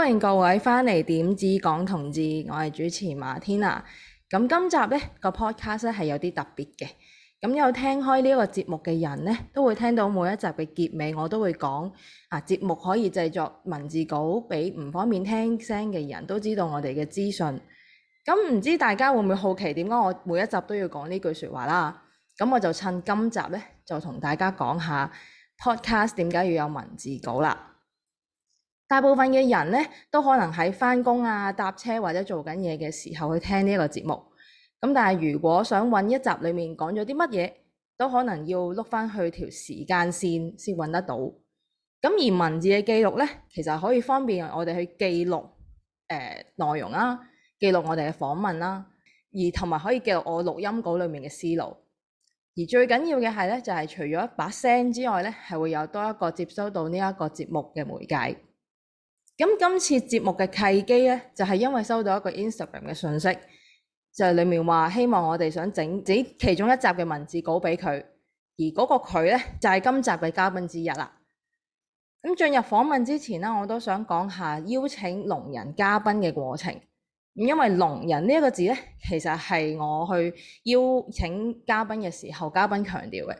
歡迎各位翻嚟《點子講同志》，我係主持馬天娜。咁今集咧個 podcast 咧係有啲特別嘅。咁有聽開呢一個節目嘅人咧，都會聽到每一集嘅結尾，我都會講啊。節目可以製作文字稿俾唔方便聽聲嘅人都知道我哋嘅資訊。咁唔知大家會唔會好奇，點解我每一集都要講呢句說話啦？咁我就趁今集咧，就同大家講下 podcast 點解要有文字稿啦。大部分嘅人咧，都可能喺返工啊、搭車或者做緊嘢嘅時候去聽呢一個節目。咁但係如果想搵一集裏面講咗啲乜嘢，都可能要碌 o 返去條時間線先搵得到。咁而文字嘅記錄咧，其實可以方便我哋去記錄誒、呃、內容啊、記錄我哋嘅訪問啦、啊，而同埋可以記錄我錄音稿裏面嘅思路。而最緊要嘅係咧，就係、是、除咗一把聲之外咧，係會有多一個接收到呢一個節目嘅媒介。咁今次節目嘅契機呢，就係、是、因為收到一個 Instagram 嘅信息，就是、裏面話希望我哋想整整其中一集嘅文字稿俾佢，而嗰個佢呢，就係、是、今集嘅嘉賓之一啦。咁進入訪問之前呢，我都想講下邀請聾人嘉賓嘅過程。咁因為聾人呢一個字呢，其實係我去邀請嘉賓嘅時候嘉賓強調，嘉賓強調嘅，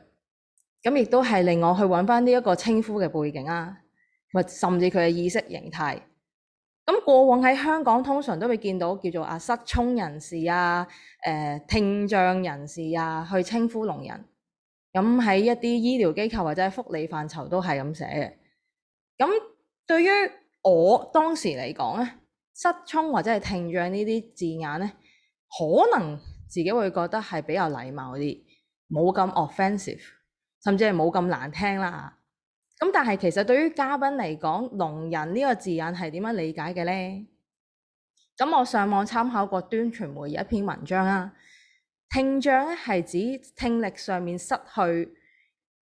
咁亦都係令我去揾翻呢一個稱呼嘅背景啦、啊。或甚至佢嘅意識形態，咁過往喺香港通常都會見到叫做啊失聰人士啊，誒、呃、聽障人士啊，去稱呼聾人。咁喺一啲醫療機構或者喺福利範疇都係咁寫嘅。咁對於我當時嚟講咧，失聰或者係聽障呢啲字眼咧，可能自己會覺得係比較禮貌啲，冇咁 offensive，甚至係冇咁難聽啦。咁但係其實對於嘉賓嚟講，聾人呢個字眼係點樣理解嘅咧？咁我上網參考過端傳媒一篇文章啦，聽障咧係指聽力上面失去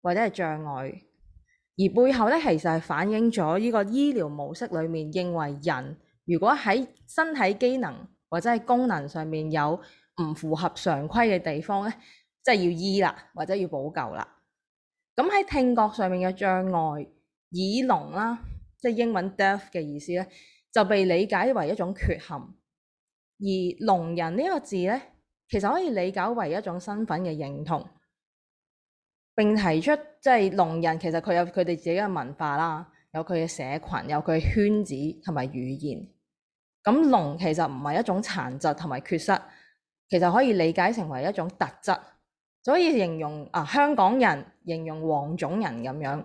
或者係障礙，而背後咧其實係反映咗呢個醫療模式裏面認為人如果喺身體機能或者係功能上面有唔符合常規嘅地方咧，即係要醫啦或者要補救啦。咁喺、嗯、聽覺上面嘅障礙，耳聾啦，即係英文 deaf 嘅意思咧，就被理解為一種缺陷。而聾人呢個字咧，其實可以理解為一種身份嘅認同。並提出即係聾人其實佢有佢哋自己嘅文化啦，有佢嘅社群，有佢嘅圈子同埋語言。咁聾其實唔係一種殘疾同埋缺失，其實可以理解成為一種特質。所以形容啊香港人，形容黃種人咁樣，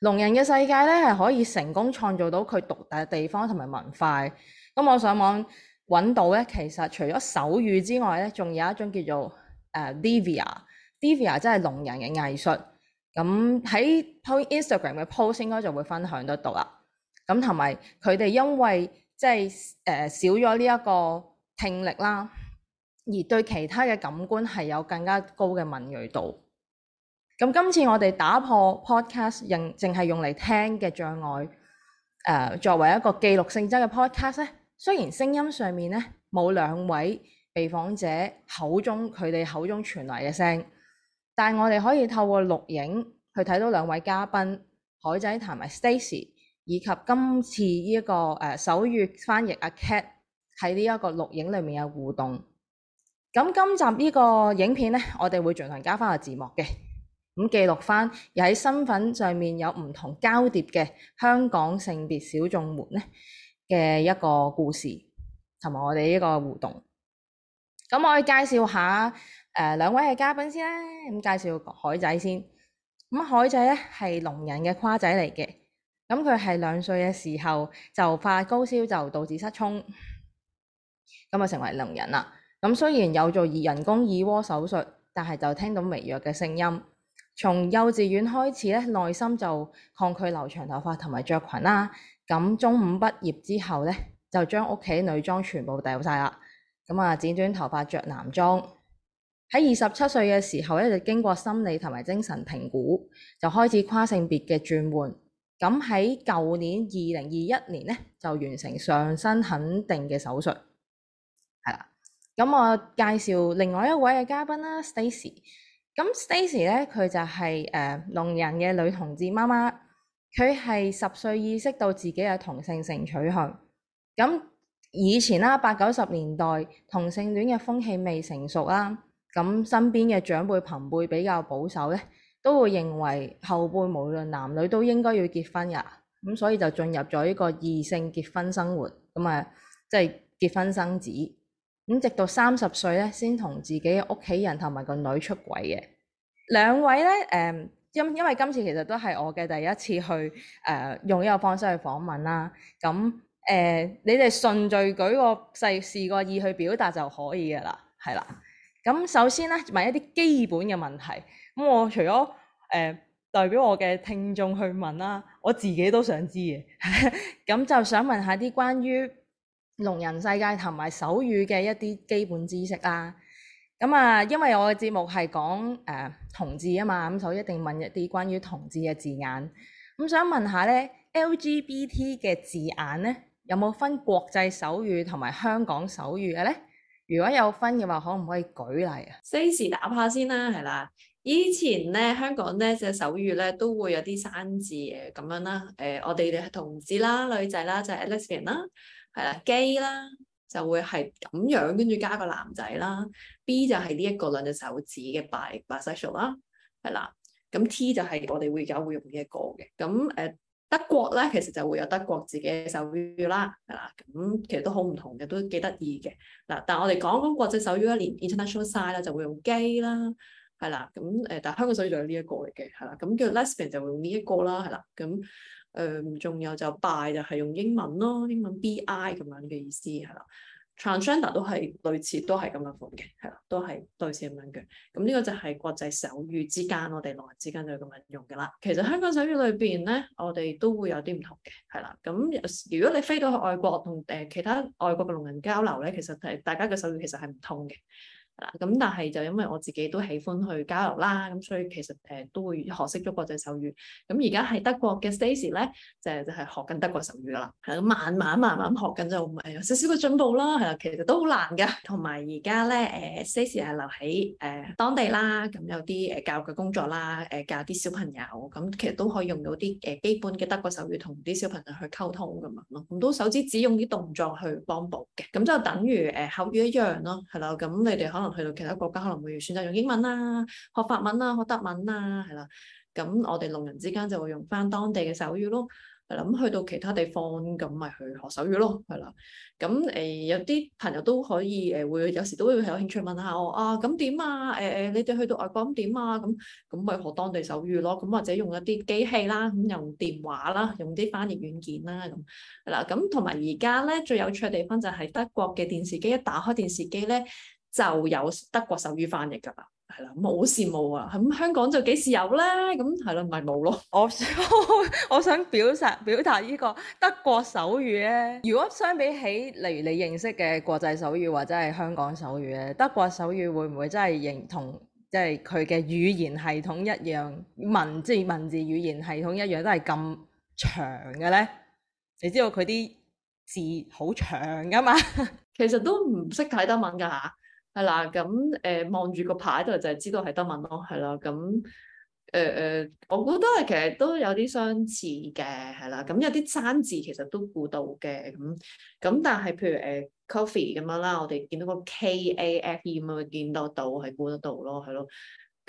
聾人嘅世界咧係可以成功創造到佢獨特嘅地方同埋文化。咁、嗯、我上網揾到咧，其實除咗手語之外咧，仲有一種叫做誒 Devia，Devia 真係聾人嘅藝術。咁、嗯、喺 Instagram 嘅 post 應該就會分享得到啦。咁同埋佢哋因為即係誒少咗呢一個聽力啦。而對其他嘅感官係有更加高嘅敏鋭度。咁今次我哋打破 podcast 用淨係用嚟聽嘅障礙，誒、呃、作為一個記錄性質嘅 podcast 咧，雖然聲音上面咧冇兩位被訪者口中佢哋口中傳來嘅聲，但係我哋可以透過錄影去睇到兩位嘉賓海仔同埋 Stacey 以及今次呢、這、一個誒手、呃、語翻譯阿 Cat 喺呢一個錄影裡面嘅互動。咁今集呢個影片咧，我哋會盡行加翻個字幕嘅，咁記錄翻，而喺身份上面有唔同交疊嘅香港性別小眾們咧嘅一個故事，同埋我哋呢個互動。咁我哋介紹下誒、呃、兩位嘅嘉賓先啦，咁介紹海仔先。咁海仔咧係聾人嘅跨仔嚟嘅，咁佢係兩歲嘅時候就發高燒就導致失聰，咁啊成為聾人啦。咁雖然有做耳人工耳蝸手術，但係就聽到微弱嘅聲音。從幼稚園開始咧，內心就抗拒留長頭髮同埋着裙啦。咁中五畢業之後咧，就將屋企女裝全部掉晒啦。咁啊，剪短頭髮着男裝。喺二十七歲嘅時候咧，就經過心理同埋精神評估，就開始跨性別嘅轉換。咁喺舊年二零二一年咧，就完成上身肯定嘅手術，係啦。咁我介紹另外一位嘅嘉賓啦、啊、Stacey。咁 Stacey 咧，佢就係誒聾人嘅女同志媽媽。佢係十歲意識到自己嘅同性性取向。咁以前啦，八九十年代同性戀嘅風氣未成熟啦，咁身邊嘅長輩朋輩比較保守咧，都會認為後輩無論男女都應該要結婚㗎。咁所以就進入咗一個異性結婚生活，咁啊，即係結婚生子。咁直到三十歲咧，先同自己屋企人同埋個女出櫃嘅。兩位咧，誒、嗯，因因為今次其實都係我嘅第一次去，誒、呃，用呢個方式去訪問啦。咁、嗯、誒、嗯，你哋順序舉個細事個意去表達就可以嘅啦，係啦。咁、嗯、首先咧，問一啲基本嘅問題。咁、嗯、我除咗誒、呃、代表我嘅聽眾去問啦，我自己都想知嘅。咁、 嗯、就想問下啲關於龍人世界同埋手語嘅一啲基本知識啦、啊，咁、嗯、啊，因為我嘅節目係講誒、呃、同志啊嘛，咁就一定問一啲關於同志嘅字眼。咁、嗯、想問下咧，LGBT 嘅字眼咧，有冇分國際手語同埋香港手語嘅咧？如果有分嘅話，可唔可以舉例啊？先打下先啦，係啦，以前咧，香港咧，隻手語咧都會有啲生字嘅咁樣啦，誒、呃，我哋嘅同志啦、女仔啦，就係、是、Alexian 啦。係啦，Gay 啦就會係咁樣，跟住加個男仔啦。B 就係呢一個兩隻手指嘅 bisexual 啦，係啦。咁 T 就係我哋而家會用呢一個嘅。咁誒，德國咧其實就會有德國自己嘅手語啦，係啦。咁其實都好唔同嘅，都幾得意嘅。嗱，但係我哋講講國際手語一年 International Sign 啦，就會用 Gay 啦。係啦，咁誒，但係香港手語就係呢一個嚟嘅，係啦，咁叫 Lesbian 就會用呢、這、一個啦，係啦，咁、呃、誒，仲有就 Bi 就係用英文咯，英文 Bi 咁樣嘅意思，係啦，Transgender 都係類似，都係咁樣講嘅，係啦，都係類似咁樣嘅，咁呢個就係國際手語之間，我哋聾人之間就咁樣用㗎啦。其實香港手語裏邊咧，我哋都會有啲唔同嘅，係啦，咁如果你飛到去外國同誒其他外國嘅聾人交流咧，其實係大家嘅手語其實係唔通嘅。咁但係就因為我自己都喜歡去交流啦，咁所以其實誒、呃、都會學識咗國際手語。咁而家喺德國嘅 Stacey 咧，就是、就係、係、學緊德國手語噶啦，慢慢慢慢咁學緊就有少少嘅進步啦。係啦，其實都好難嘅。同埋而家咧誒、呃、Stacey 係留喺誒、呃、當地啦，咁有啲誒教育嘅工作啦，誒、呃、教啲小朋友，咁其實都可以用到啲誒基本嘅德國手語同啲小朋友去溝通咁樣咯。咁都手指只用啲動作去幫補嘅，咁就等於誒、呃、口語一樣咯。係啦，咁你哋可能，去到其他國家可能會選擇用英文啦、啊，學法文啦、啊，學德文啦、啊，係啦。咁我哋聾人之間就會用翻當地嘅手語咯。係啦，咁去到其他地方咁咪去學手語咯。係啦。咁誒、呃、有啲朋友都可以誒，會、呃、有時都會有興趣問下我啊，咁點啊？誒、呃、誒，你哋去到外國咁點啊？咁咁咪學當地手語咯。咁或者用一啲機器啦，咁用電話啦，用啲翻譯軟件啦，咁係啦。咁同埋而家咧最有趣嘅地方就係德國嘅電視機，一打開電視機咧，就有德國手語翻譯㗎啦，係啦，好羨慕啊！咁、嗯、香港就幾時有咧？咁係啦，咪冇咯。我想我想表達表達呢個德國手語咧。如果相比起，例如你認識嘅國際手語或者係香港手語咧，德國手語會唔會真係認同即係佢嘅語言系統一樣文，即係文字語言系統一樣都係咁長嘅咧？你知道佢啲字好長㗎嘛？其實都唔識睇德文㗎嚇。係啦，咁誒望住個牌度就係知道係德文咯，係、嗯、啦，咁誒誒，我估都係其實都有啲相似嘅，係、嗯、啦，咁、嗯、有啲生字其實都估到嘅，咁、嗯、咁、嗯嗯、但係譬如誒、嗯、coffee 咁樣啦，我哋、e, 見到個 K A F E 咁啊，見得到係估得到咯，係咯。嗯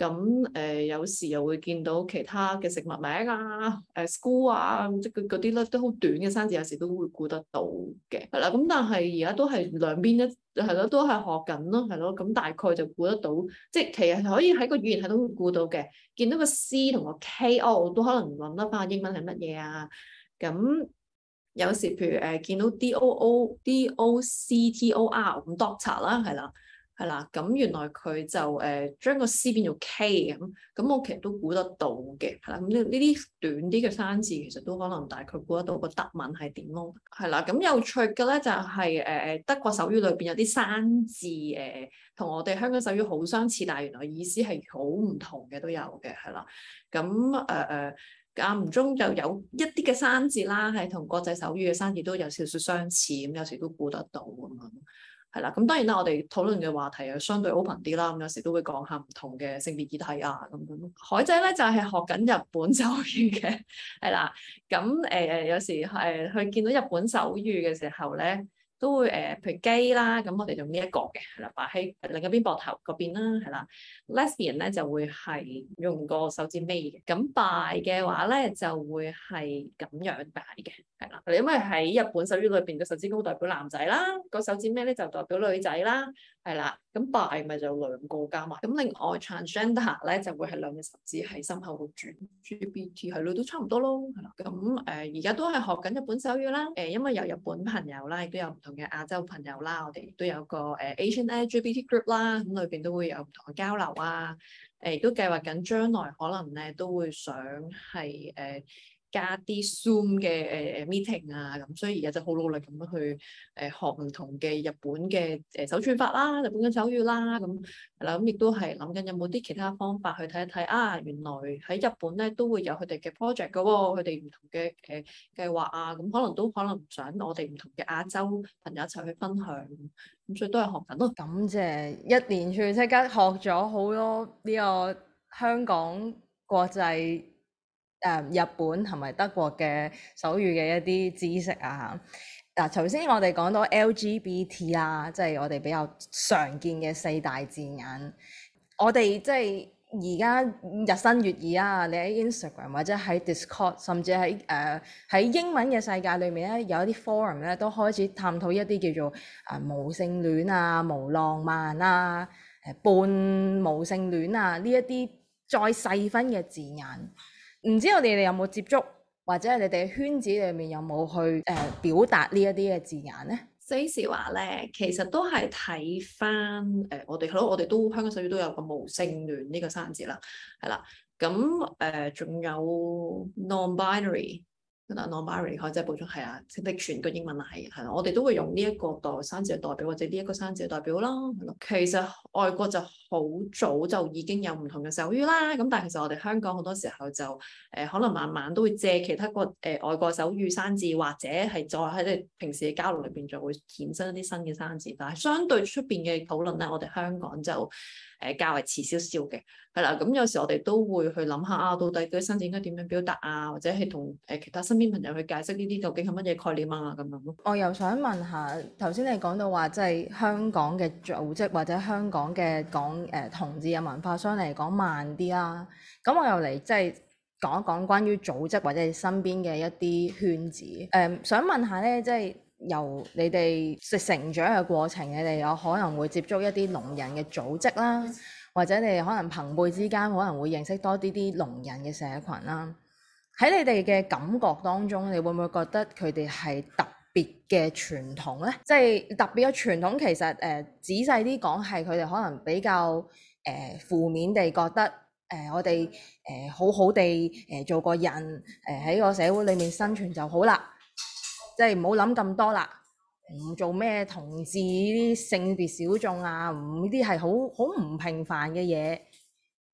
咁誒、呃、有時又會見到其他嘅食物名啊，誒、啊、school 啊，即係嗰啲咧都好短嘅生字，有時都會估得到嘅。係啦，咁但係而家都係兩邊一係咯，都係學緊咯，係咯。咁大概就估得到，即係其實可以喺個語言係都會估到嘅。見到個 C 同個 K 哦，我都可能諗得翻英文係乜嘢啊？咁有時譬如誒、呃、見到 D O O D O C T O R 咁 doctor 啦，係啦。係啦，咁原來佢就誒將個 C 變做 K 咁，咁我其實我都估得到嘅。係啦，咁呢呢啲短啲嘅生字其實都可能，但係佢估得到個德文係點咯。係啦，咁有趣嘅咧就係、是、誒、呃、德國手語裏邊有啲生字誒，同、呃、我哋香港手語好相似，但係原來意思係好唔同嘅都有嘅。係啦，咁誒誒間唔中就有一啲嘅生字啦，係同國際手語嘅生字都有少少相似，咁有時都估得到咁樣。係啦，咁當然啦，我哋討論嘅話題又相對 open 啲啦，咁有時都會講下唔同嘅性別議題啊，咁咁。海仔咧就係學緊日本手語嘅，係啦，咁、呃、誒有時係、呃、去見到日本手語嘅時候咧，都會誒譬、呃、如 gay 啦，咁我哋用呢一個嘅係啦，擺喺另一邊膊頭嗰邊啦，係啦。Lesbian 咧就會係用個手指尾嘅，咁擺嘅話咧就會係咁樣擺嘅。係啦，因為喺日本手語裏邊，個手指高代表男仔啦，個手指咩咧就代表女仔啦，係啦，咁 bi 咪就兩個加埋，咁另外 transgender 咧就會係兩隻手指喺心口度轉，GBT 係咯都差唔多咯，係啦，咁誒而家都係學緊日本手語啦，誒、呃、因為有日本朋友啦，亦都有唔同嘅亞洲朋友啦，我哋亦都有個誒 Asian LGBT group 啦，咁裏邊都會有唔同嘅交流啊，亦、呃、都計劃緊將來可能咧都會想係誒。呃加啲 Zoom 嘅誒誒 meeting 啊，咁、呃、所以而家就好努力咁樣去誒、呃、學唔同嘅日本嘅誒、呃、手串法啦，日本嘅手語啦，咁嗱咁亦都係諗緊有冇啲其他方法去睇一睇啊，原來喺日本咧都會有佢哋嘅 project 噶喎、哦，佢哋唔同嘅誒、呃、計劃啊，咁、嗯、可能都可能想我哋唔同嘅亞洲朋友一齊去分享，咁、嗯、所以都係學緊咯。感謝一年去即刻學咗好多呢個香港國際、誒日本同埋德國嘅手語嘅一啲知識啊！嗱、啊，頭先我哋講到 LGBT 啦、啊，即係我哋比較常見嘅四大字眼。我哋即係而家日新月異啊！你喺 Instagram 或者喺 Discord，甚至喺誒喺英文嘅世界裏面咧，有一啲 forum 咧都開始探討一啲叫做誒無性戀啊、無浪漫啊、誒半無性戀啊呢一啲再細分嘅字眼。唔知我哋你有冇接觸，或者係你哋圈子裏面有冇去誒、呃、表達呢一啲嘅字眼咧？即是話咧，其實都係睇翻誒，我哋係咯，我哋都香港手語都有個無性戀呢個生字啦，係啦，咁誒仲有 non-binary。Binary, 嗱，我即係補充，係啊，即係全個英文係係啦，我哋都會用呢一個生字代表，或者呢一個生字代表啦。其實外國就好早就已經有唔同嘅手語啦，咁但係其實我哋香港好多時候就誒、呃、可能慢慢都會借其他國誒、呃、外國手語生字，或者係再喺你平時嘅交流裏邊就會衍生一啲新嘅生字，但係相對出邊嘅討論咧，我哋香港就～誒較為遲少少嘅，係啦，咁有時我哋都會去諗下啊，到底嗰啲新人應該點樣表達啊，或者係同誒其他身邊朋友去解釋呢啲究竟係乜嘢概念啊咁樣咯。我又想問下，頭先你講到話即係香港嘅組織或者香港嘅講誒同志嘅文化相對嚟講慢啲啦、啊，咁我又嚟即係講一講關於組織或者身邊嘅一啲圈子誒、呃，想問下咧即係。就是由你哋食成長嘅過程，你哋有可能會接觸一啲聾人嘅組織啦，或者你哋可能朋輩之間可能會認識多啲啲聾人嘅社群啦。喺你哋嘅感覺當中，你會唔會覺得佢哋係特別嘅傳統咧？即係特別嘅傳統，其實誒仔細啲講係佢哋可能比較誒負面地覺得誒我哋誒好好地誒做個人誒喺個社會裡面生存就好啦。.即係唔好諗咁多啦，唔做咩同志呢啲性別小眾啊，唔呢啲係好好唔平凡嘅嘢，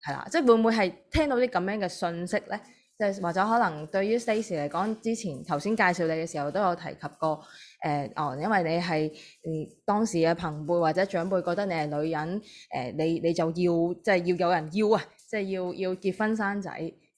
係啦，即係會唔會係聽到啲咁樣嘅訊息咧？即係或者可能對於 Stacey 嚟講，之前頭先介紹你嘅時候都有提及過，誒、呃，哦，因為你係、嗯、當時嘅朋輩或者長輩覺得你係女人，誒、呃，你你就要即係要有人要啊，即係要要結婚生仔。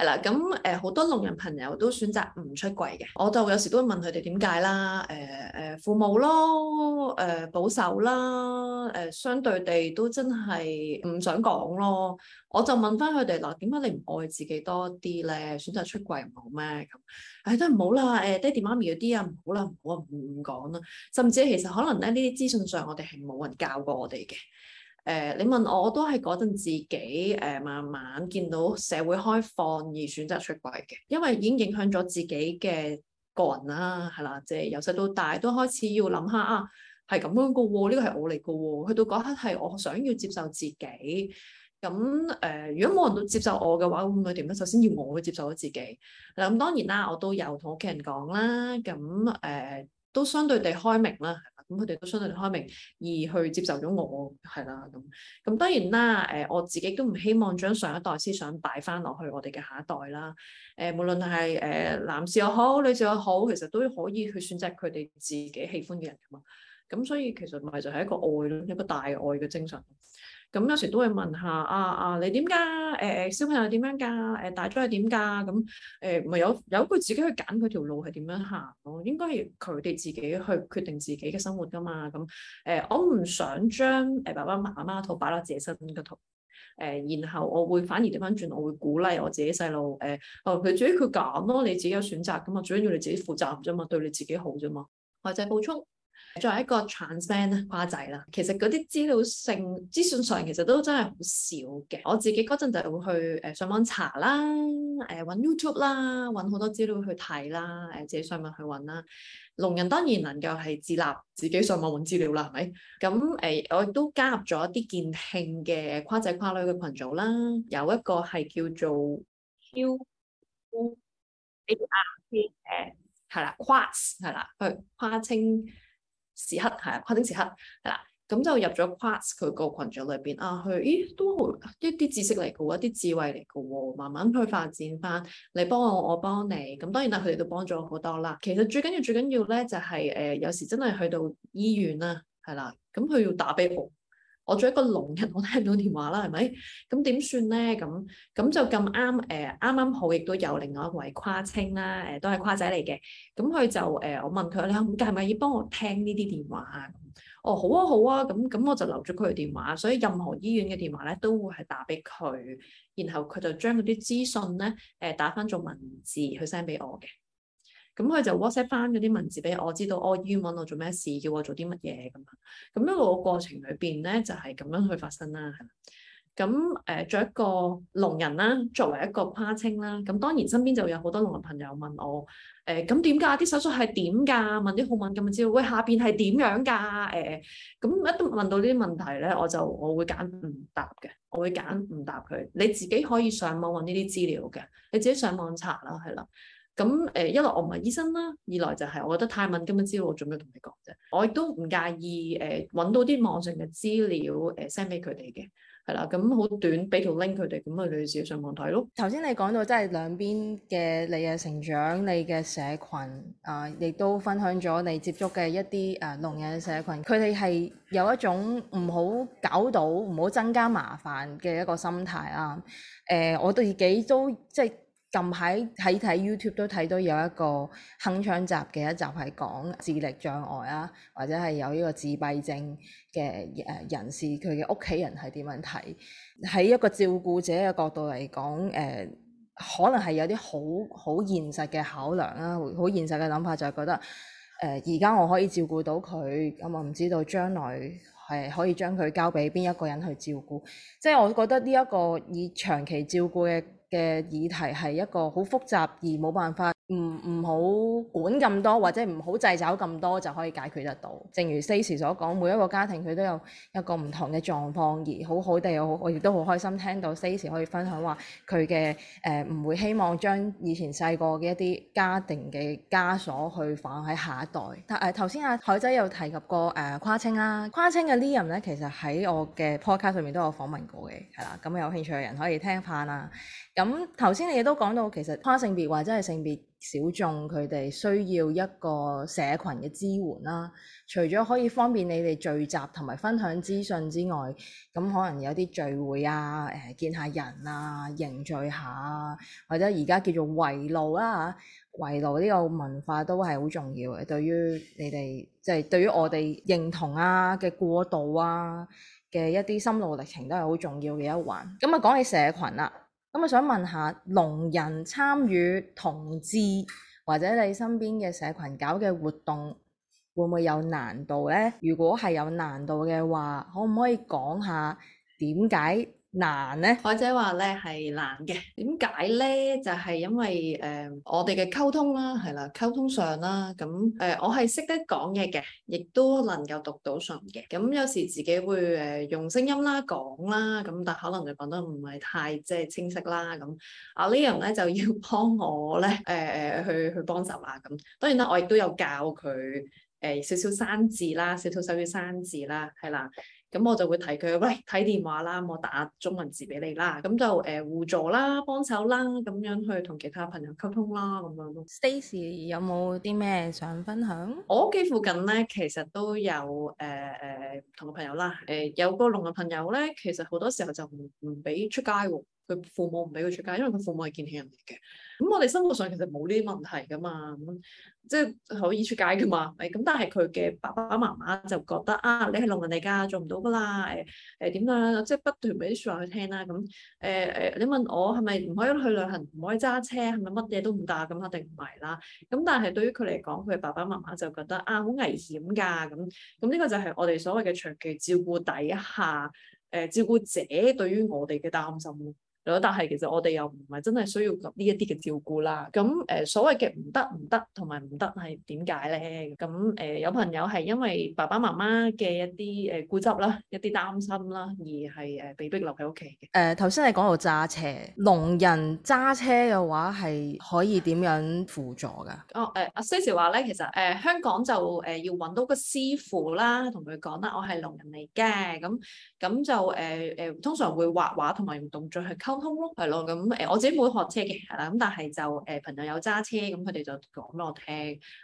係啦，咁誒好多聾人朋友都選擇唔出櫃嘅，我就有時都會問佢哋點解啦，誒、呃、誒，父母咯，誒、呃、保守啦，誒、呃、相對地都真係唔想講咯，我就問翻佢哋嗱，點、呃、解你唔愛自己多啲咧？選擇出櫃唔好咩？咁、嗯，唉、哎、都係唔好啦，誒爹地媽咪嗰啲啊唔好啦，唔好唔講啦，甚至其實可能咧呢啲資訊上我哋係冇人教過我哋嘅。誒、呃，你問我，我都係嗰陣自己誒、呃，慢慢見到社會開放而選擇出軌嘅，因為已經影響咗自己嘅個人啦，係啦，即、就、係、是、由細到大都開始要諗下啊，係咁樣噶喎、哦，呢、這個係我嚟噶喎，去到嗰刻係我想要接受自己，咁、嗯、誒、呃，如果冇人都接受我嘅話，會唔會點咧？首先要我去接受咗自己，嗱，咁、嗯、當然啦，我都有同屋企人講啦，咁、嗯、誒、呃，都相對地開明啦。咁佢哋都相對開明，而去接受咗我係啦咁。咁當然啦，誒我自己都唔希望將上一代思想擺翻落去我哋嘅下一代啦。誒無論係誒男士又好，女士又好，其實都可以去選擇佢哋自己喜歡嘅人㗎嘛。咁所以其實咪就係一個愛咯，一個大愛嘅精神。咁、嗯、有時都會問下啊啊，你點噶？誒、呃、誒，小朋友點樣噶？誒大咗係點噶？咁誒咪有有佢自己去揀佢條路係點樣行咯。應該係佢哋自己去決定自己嘅生活噶嘛。咁、嗯、誒、呃，我唔想將誒爸爸媽媽嘅一套擺落自己身度誒，然後我會反而調返轉，我會鼓勵我自己細路誒，哦佢自己佢揀咯，你自己有選擇噶嘛，最緊要你自己負責啫嘛，對你自己好啫嘛。或者補充。作為一個 trans man 咧，跨仔啦，其實嗰啲資料性資訊上其實都真係好少嘅。我自己嗰陣就係會去誒上網查啦，誒揾 YouTube 啦，揾好多資料去睇啦，誒自己上網去揾啦。聾人當然能夠係自立，自己上網揾資料啦，係咪？咁誒，我亦都加入咗一啲健聽嘅跨仔跨女嘅群組啦，有一個係叫做 QAP 誒，係啦，q u a t s 係啦，去跨清，時刻係啊，跨青時刻係啦，咁就入咗 Quarks 佢個群組裏邊啊，佢咦都好一啲知識嚟嘅喎，一啲智慧嚟嘅喎，慢慢去發展返，你幫我，我幫你，咁當然啦，佢哋都幫咗我好多啦。其實最緊要最緊要咧，就係、是、誒、呃、有時真係去到醫院啦，係啦，咁佢要打俾我。我做一個聾人，我聽唔到電話啦，係咪？咁點算咧？咁咁就咁啱，誒啱啱好，亦都有另外一位跨青啦，誒、呃、都係跨仔嚟嘅。咁佢就誒、呃，我問佢你係咪要幫我聽呢啲電話啊？哦，好啊，好啊，咁咁我就留咗佢嘅電話，所以任何醫院嘅電話咧都會係打俾佢，然後佢就將嗰啲資訊咧誒打翻做文字去 send 俾我嘅。咁佢就 WhatsApp 翻嗰啲文字俾我知道，我 email 我做咩事，叫我做啲乜嘢咁咁一路嘅過程裏邊咧，就係、是、咁樣去發生啦，係咁誒，作一個聾人啦，作為一個跨清啦，咁當然身邊就有好多聾人朋友問我，誒咁點解啲手術係點㗎？問啲好敏咁嘅資料，喂下邊係點樣㗎？誒、呃、咁一問到呢啲問題咧，我就我會揀唔答嘅，我會揀唔答佢。你自己可以上網揾呢啲資料嘅，你自己上網查啦，係啦。咁誒，一來我唔係醫生啦，二來就係我覺得太敏感嘅資料，我仲要同你講啫。我亦都唔介意誒，揾到啲網上嘅資料誒 send 俾佢哋嘅，係啦。咁好短，俾條 link 佢哋，咁啊你自己上網睇咯。頭先你講到即係兩邊嘅你嘅成長，你嘅社群，啊、呃，亦都分享咗你接觸嘅一啲誒聾人嘅社群。佢哋係有一種唔好搞到，唔好增加麻煩嘅一個心態啊。誒、呃，我自己都即係。近排睇睇 YouTube 都睇到有一個鏗鏘集嘅一集，係講智力障礙啊，或者係有依個自閉症嘅誒人士，佢嘅屋企人係點樣睇？喺一個照顧者嘅角度嚟講誒，可能係有啲好好現實嘅考量啦，好現實嘅諗法就係覺得誒，呃、而家我可以照顧到佢，咁、嗯、我唔知道將來係可以將佢交俾邊一個人去照顧，即係我覺得呢一個以長期照顧嘅。嘅議題係一個好複雜而冇辦法。唔唔好管咁多，或者唔好掣肘咁多就可以解決得到。正如 Stacey 所講，每一個家庭佢都有一個唔同嘅狀況，而好好地我我亦都好開心聽到 Stacey 可以分享話佢嘅誒唔會希望將以前細個嘅一啲家庭嘅枷鎖去放喺下一代。但誒頭先阿海仔有提及過誒跨青啦，跨青嘅 Leon 咧其實喺我嘅 podcast 上面都有訪問過嘅，係啦，咁有興趣嘅人可以聽返啦。咁頭先你亦都講到其實跨性別或者係性別。小眾佢哋需要一個社群嘅支援啦，啊，除咗可以方便你哋聚集同埋分享資訊之外，咁可能有啲聚會啊，誒、呃、見下人啊，凝聚下，啊，或者而家叫做圍爐啦嚇，圍爐呢個文化都係好重要嘅，對於你哋即係對於我哋認同啊嘅過渡啊嘅一啲心路歷程都係好重要嘅一環。咁啊講起社群啦，啊。咁我想問下，聾人參與同志或者你身邊嘅社群搞嘅活動，會唔會有難度呢？如果係有難度嘅話，可唔可以講下點解？難咧，或者話咧係難嘅。點解咧？就係、是、因為誒、呃，我哋嘅溝通啦，係啦，溝通上啦，咁、嗯、誒、呃，我係識得講嘢嘅，亦都能夠讀到唇嘅。咁、嗯、有時自己會誒、呃、用聲音啦講啦，咁但可能就講得唔係太即係、呃、清晰啦。咁阿 Leon 咧就要幫我咧，誒、呃、誒去去幫手啊。咁、嗯、當然啦，我亦都有教佢誒、呃、少少生字啦，少少手語生字啦，係啦。咁我就會提佢，喂，睇電話啦，我打中文字俾你啦，咁就誒、呃、互助啦，幫手啦，咁樣去同其他朋友溝通啦，咁樣。Stacey 有冇啲咩想分享？我屋企附近咧，其實都有誒誒、呃呃、同嘅朋友啦。誒、呃、有個聾嘅朋友咧，其實好多時候就唔唔俾出街喎。佢父母唔俾佢出街，因為佢父母係健聽人嚟嘅。咁、嗯、我哋生活上其實冇呢啲問題㗎嘛，咁、嗯、即係可以出街㗎嘛，係、嗯、咁。但係佢嘅爸爸媽媽就覺得啊，你係聾人嚟㗎做唔到㗎啦，誒誒點樣，即係不斷俾啲説話佢聽啦。咁誒誒，你問我係咪唔可以去旅行，唔可以揸車，係咪乜嘢都唔帶咁？肯定唔係啦。咁但係對於佢嚟講，佢爸爸媽媽就覺得啊，好危險㗎。咁咁呢個就係我哋所謂嘅長期照顧底下，誒、呃、照顧者對於我哋嘅擔心咯。但係其實我哋又唔係真係需要呢一啲嘅照顧啦。咁誒、呃、所謂嘅唔得唔得同埋唔得係點解咧？咁誒、呃、有朋友係因為爸爸媽媽嘅一啲誒固執啦、一啲擔心啦，而係誒、呃、被逼留喺屋企嘅。誒頭先你講到揸車，聾人揸車嘅話係可以點樣輔助㗎、嗯？哦誒，阿 Sis 話咧，其實誒、呃、香港就誒、呃、要揾到個師傅啦，同佢講啦，我係聾人嚟嘅咁。嗯嗯。咁就誒誒、呃，通常會畫畫同埋用動作去溝通咯，係咯。咁誒我自己冇學車嘅，係啦。咁但係就誒朋友有揸車，咁佢哋就講俾我聽，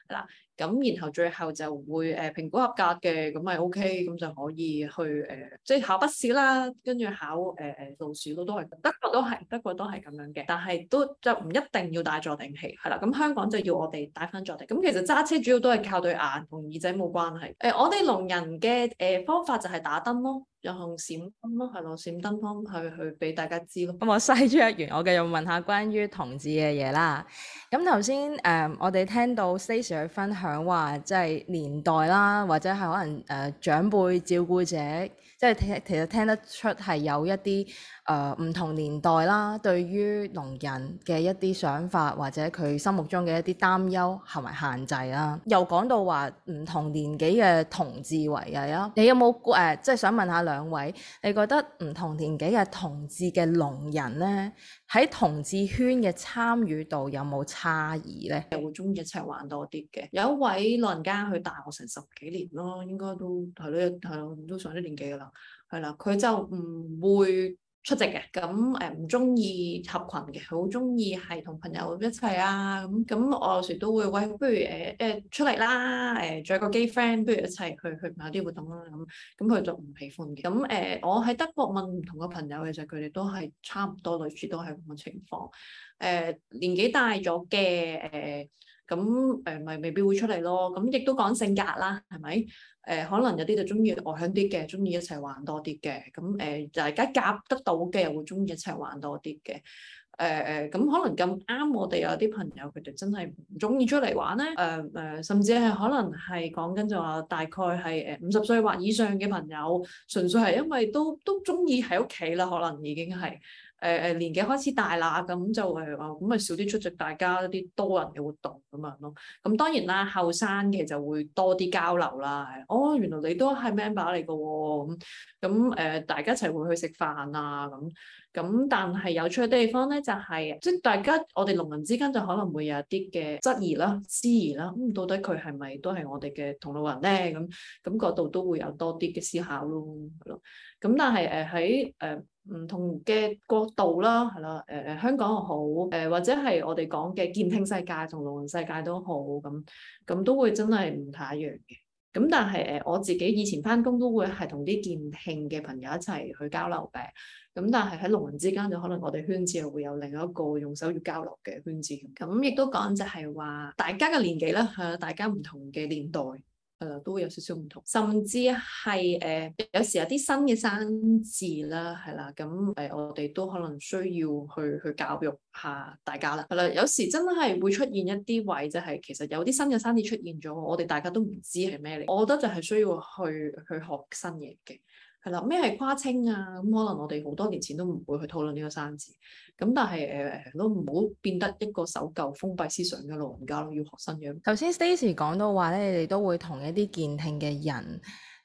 係啦。咁然後最後就會誒、呃、評估合格嘅，咁咪 OK，咁就可以去誒、呃，即係考筆試啦，跟住考誒誒路試都都係，德國都係，德國都係咁樣嘅，但係都就唔一定要帶助聽器，係啦，咁香港就要我哋帶翻助聽。咁其實揸車主要都係靠對眼，同耳仔冇關係。誒、呃，我哋聾人嘅誒、呃、方法就係打燈咯，然後閃燈咯，係咯，閃燈幫佢去俾大家知咯。咁啊，西一完，我嘅又問下關於同志嘅嘢啦。咁頭先誒我哋聽到 Stacey 去分享。想話，即係、就是、年代啦，或者係可能誒、呃、長輩照顧者，即係聽其實聽得出係有一啲。誒唔、呃、同年代啦，對於聾人嘅一啲想法或者佢心目中嘅一啲擔憂同埋限制啦、啊，又講到話唔同年紀嘅同志為例啊，你有冇誒、呃、即係想問下兩位？你覺得唔同年紀嘅同志嘅聾人咧，喺同志圈嘅參與度有冇差異咧？又會中意一齊玩多啲嘅，有一位老人家佢大我成十幾年咯，應該都係咯，係都上咗年紀㗎啦，係啦，佢就唔會。出席嘅，咁誒唔中意合群嘅，好中意係同朋友一齊啊！咁咁我有時都會喂，不如誒誒、呃呃、出嚟啦，誒、呃、再個基 friend，不如一齊去去埋啲活動啦咁，咁佢就唔喜歡嘅。咁誒、呃、我喺德國問唔同嘅朋友，其實佢哋都係差唔多，類似都係咁嘅情況。誒、呃、年紀大咗嘅誒，咁誒咪未必會出嚟咯。咁亦都講性格啦，係咪？誒、呃、可能有啲就中意外向啲嘅，中意一齊玩多啲嘅。咁、呃、誒，大家夾得到嘅又會中意一齊玩多啲嘅。誒、呃、誒，咁、呃、可能咁啱，我哋有啲朋友佢哋真係唔中意出嚟玩咧。誒、呃、誒、呃，甚至係可能係講緊就話，大概係誒五十歲或以上嘅朋友，純粹係因為都都中意喺屋企啦，可能已經係。誒誒年紀開始大啦，咁就誒啊，咁咪少啲出席大家一啲多人嘅活動咁樣咯。咁當然啦，後生嘅就會多啲交流啦。哦，原來你都係 member 嚟嘅喎，咁咁誒，大家一齊會去食飯啊咁咁。但係有趣嘅地方咧，就係即係大家我哋聾人之間就可能會有一啲嘅質疑啦、思疑啦。咁到底佢係咪都係我哋嘅同路人咧？咁咁角度都會有多啲嘅思考咯，係咯。咁但係誒喺誒。唔同嘅角度啦，係啦，誒、呃、誒香港又好，誒、呃、或者係我哋講嘅健聽世界同聾人世界都好，咁咁都會真係唔太一樣嘅。咁但係誒、呃、我自己以前返工都會係同啲健聽嘅朋友一齊去交流嘅。咁但係喺聾人之間就可能我哋圈子係會有另一個用手語交流嘅圈子。咁亦都講就係話，大家嘅年紀啦，嚇，大家唔同嘅年代。係都會有少少唔同，甚至係誒、呃，有時有啲新嘅生字啦，係啦，咁誒，我哋都可能需要去去教育下大家啦。係啦，有時真係會出現一啲位，就係、是、其實有啲新嘅生字出現咗，我哋大家都唔知係咩嚟，我覺得就係需要去去學新嘢嘅。係啦，咩係跨性啊？咁可能我哋好多年前都唔會去討論呢個生字，咁但係誒、呃、都唔好變得一個守舊、封閉思想嘅老人家咯，要學新嘅。頭先 Stacey 講到話咧，你哋都會同一啲健聽嘅人誒、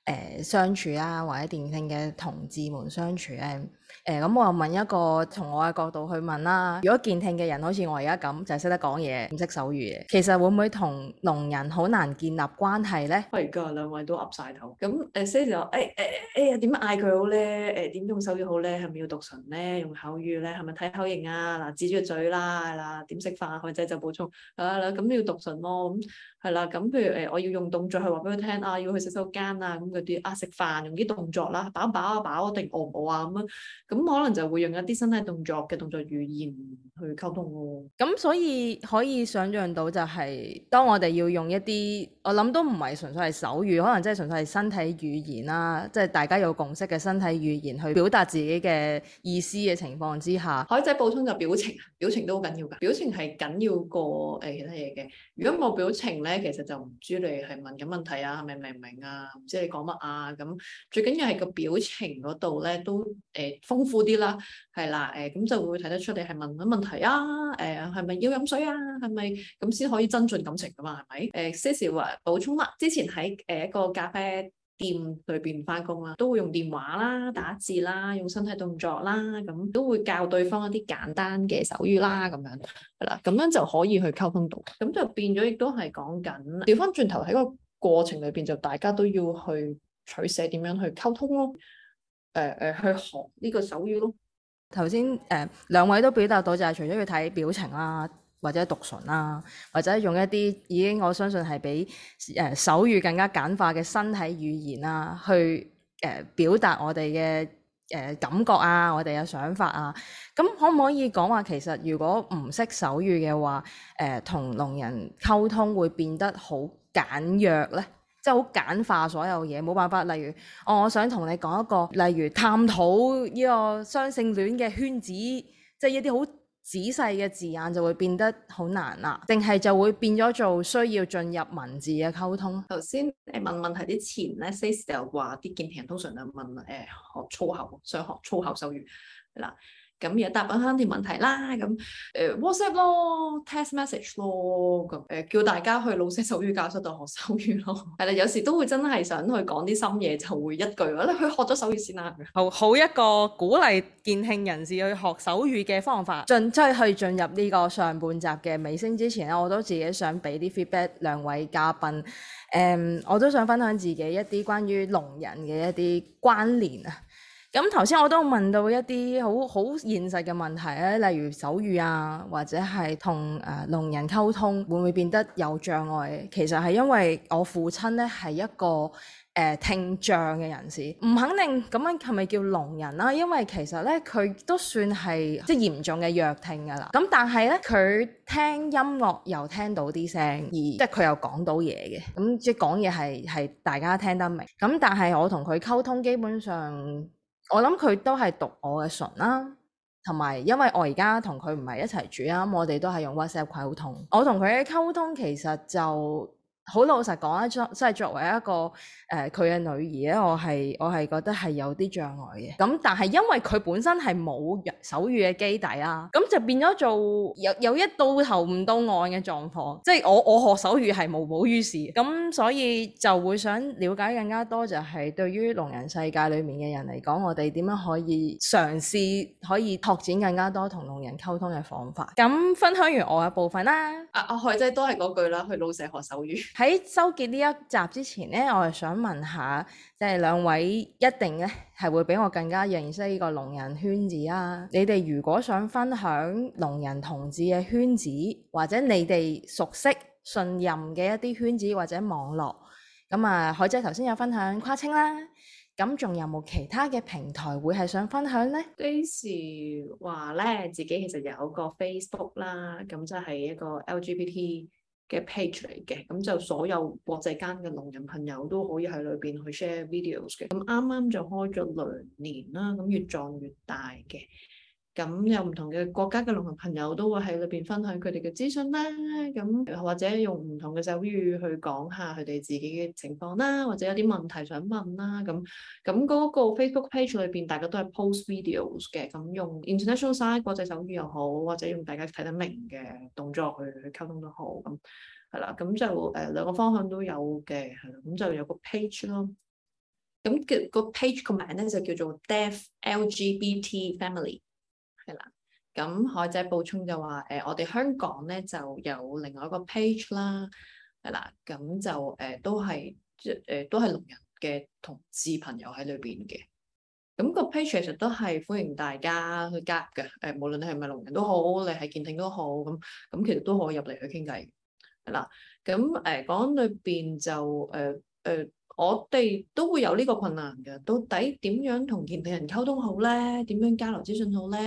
呃、相處啦、啊，或者健聽嘅同志們相處咧、啊。誒，咁、欸嗯、我又問一個從我嘅角度去問啦。如果健聽嘅人，好似我而家咁，就係、是、識得講嘢，唔識手語嘅，其實會唔會同聾人好難建立關係咧？不如今日兩位都岌晒頭。咁誒 Stacey 話誒誒誒啊，點嗌佢好咧？誒、欸，點用手語好咧？係咪要讀唇咧？用口語咧？係咪睇口型啊？嗱，指住個嘴，嘴啦，嗱，點食飯？海仔就補充，啊啦，咁、啊、要讀唇咯、啊，咁係啦，咁譬如誒，我要用動作去話俾佢聽啊，要去洗手間啊，咁嗰啲啊，食飯用啲動作啦，飽唔飽啊？飽啊定餓唔餓啊？咁啊。飽咁可能就會用一啲身體動作嘅動作語言，去溝通咯，咁所以可以想象到就係、是、當我哋要用一啲，我諗都唔係純粹係手語，可能即係純粹係身體語言啦、啊，即、就、係、是、大家有共識嘅身體語言去表達自己嘅意思嘅情況之下，海仔即補充就表情，表情都好緊要噶，表情係緊要過誒其他嘢嘅，如果冇表情咧，其實就唔知你係問緊問題啊，係咪明唔明啊，唔知你講乜啊，咁最緊要係個表情嗰度咧都誒豐、欸、富啲啦，係啦，誒、欸、咁就會睇得出你係問緊問題。題啊，誒、呃，係咪要飲水啊？係咪咁先可以增進感情噶嘛？係咪？誒、呃，些時話補充啦。之前喺誒一個咖啡店裏邊翻工啦，都會用電話啦、打字啦、用身體動作啦，咁都會教對方一啲簡單嘅手語啦，咁樣係啦，咁樣就可以去溝通到。咁就變咗，亦都係講緊調翻轉頭喺個過程裏邊，就大家都要去取捨，點樣去溝通咯。誒、呃、誒、呃，去學呢個手語咯。頭先誒，兩位都表達到就係除咗要睇表情啦、啊，或者讀唇啦、啊，或者用一啲已經我相信係比誒、呃、手語更加簡化嘅身體語言啊，去誒、呃、表達我哋嘅誒感覺啊，我哋嘅想法啊，咁可唔可以講話、啊、其實如果唔識手語嘅話，誒、呃、同聾人溝通會變得好簡約咧？即係好簡化所有嘢，冇辦法。例如，哦，我想同你講一個，例如探討呢個雙性戀嘅圈子，即係一啲好仔細嘅字眼就會變得好難啦，定係就會變咗做需要進入文字嘅溝通。頭先你問問題之前咧，Stacey 話啲健聽人通常就問誒、欸、學粗口，想學粗口手語嗱。咁而家答返田問題啦，咁、呃、誒 WhatsApp 咯，text message 咯，咁誒、呃、叫大家去腦舍手語教室度學手語咯。係啦，有時都會真係想去講啲深嘢，就會一句，我哋去學咗手語先啦。好好一個鼓勵健聽人士去學手語嘅方法。進即係去進入呢個上半集嘅尾聲之前咧，我都自己想俾啲 feedback 兩位嘉賓。誒、嗯，我都想分享自己一啲關於聾人嘅一啲關聯啊。咁頭先我都問到一啲好好現實嘅問題咧，例如手語啊，或者係同誒聾人溝通會唔會變得有障礙？其實係因為我父親咧係一個誒、呃、聽障嘅人士，唔肯定咁樣係咪叫聾人啦、啊，因為其實咧佢都算係即係嚴重嘅弱聽噶啦。咁但係咧佢聽音樂又聽到啲聲，而即係佢又講到嘢嘅，咁即係講嘢係係大家聽得明。咁但係我同佢溝通基本上。我諗佢都係讀我嘅唇啦、啊，同埋因為我而家同佢唔係一齊住啦，咁我哋都係用 WhatsApp 溝通。我同佢嘅溝通其實就～好老實講啊，作即係作為一個誒佢嘅女兒咧，我係我係覺得係有啲障礙嘅。咁但係因為佢本身係冇手語嘅基底啊，咁就變咗做有有一到頭唔到岸嘅狀況。即係我我學手語係無補於事，咁所以就會想了解更加多，就係對於聾人世界裏面嘅人嚟講，我哋點樣可以嘗試可以拓展更加多同聾人溝通嘅方法。咁分享完我嘅部分啦，阿阿、啊啊、海仔都係嗰句啦，去腦舍學手語。喺收結呢一集之前咧，我係想問下，即係兩位一定咧係會比我更加認識呢個聾人圈子啊。你哋如果想分享聾人同志嘅圈子，或者你哋熟悉、信任嘅一啲圈子或者網絡，咁啊，海仔頭先有分享跨青啦，咁仲有冇其他嘅平台會係想分享呢？幾時話咧？自己其實有個 Facebook 啦，咁即係一個 LGBT 嘅 page 嚟嘅，咁就所有國際間嘅聾人朋友都可以喺裏邊去 share videos 嘅，咁啱啱就開咗兩年啦，咁越壯越大嘅。咁有唔同嘅國家嘅聾人朋友都會喺裏邊分享佢哋嘅資訊啦，咁或者用唔同嘅手語去講下佢哋自己嘅情況啦，或者有啲問題想問啦，咁咁嗰個 Facebook page 裏邊大家都係 post videos 嘅，咁用 international sign 國際手語又好，或者用大家睇得明嘅動作去去溝通都好，咁係啦，咁就誒、呃、兩個方向都有嘅，咁就有個 page 咯，咁個 page 個名咧就叫做 Deaf LGBT family。係啦，咁海仔補充就話，誒、呃，我哋香港咧就有另外一個 page 啦，係啦，咁就誒、呃、都係即誒都係聾人嘅同志朋友喺裏邊嘅，咁、那個 page 其實都係歡迎大家去加入嘅，誒、呃，無論你係咪聾人都好，你係健聽都好，咁、嗯、咁其實都可以入嚟去傾偈，係啦，咁誒講裏邊就誒誒。呃呃我哋都會有呢個困難嘅，到底點樣同健聽人溝通好咧？點樣交流資訊好咧？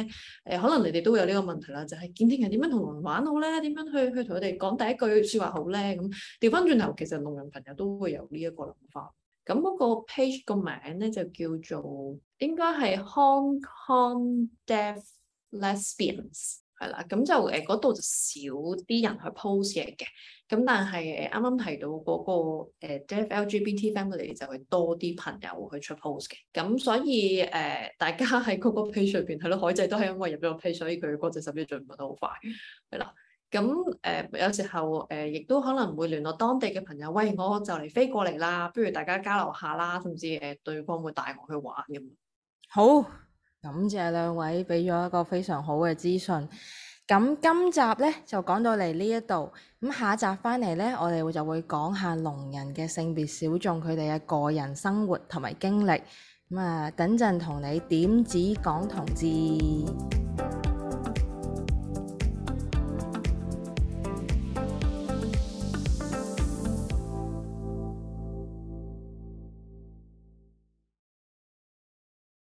誒，可能你哋都會有呢個問題啦，就係健聽人點樣同人玩好咧？點樣去去同佢哋講第一句説話好咧？咁調翻轉頭，其實聾人朋友都會有呢一個諗法。咁嗰個 page 個名咧就叫做應該係 Hong Kong Deaf Lesbians，係啦。咁就誒嗰度就少啲人去 post 嘢嘅。咁但係啱啱提到嗰個誒 Deaf LGBT family 就會多啲朋友去出 post 嘅，咁所以誒、呃、大家喺嗰個 page 上邊係咯，海仔都係因為入咗個 page，所以佢國際手語進步得好快，係啦。咁誒、呃、有時候誒亦、呃、都可能會聯絡當地嘅朋友，喂，我就嚟飛過嚟啦，不如大家交流下啦，甚至誒、呃、對方會帶我去玩咁。嗯、好，感謝兩位俾咗一個非常好嘅資訊。咁今集咧就講到嚟呢度，咁下一集翻嚟咧，我哋就會講下聾人嘅性別小眾，佢哋嘅個人生活同埋經歷。咁啊，等陣同你點指講同志。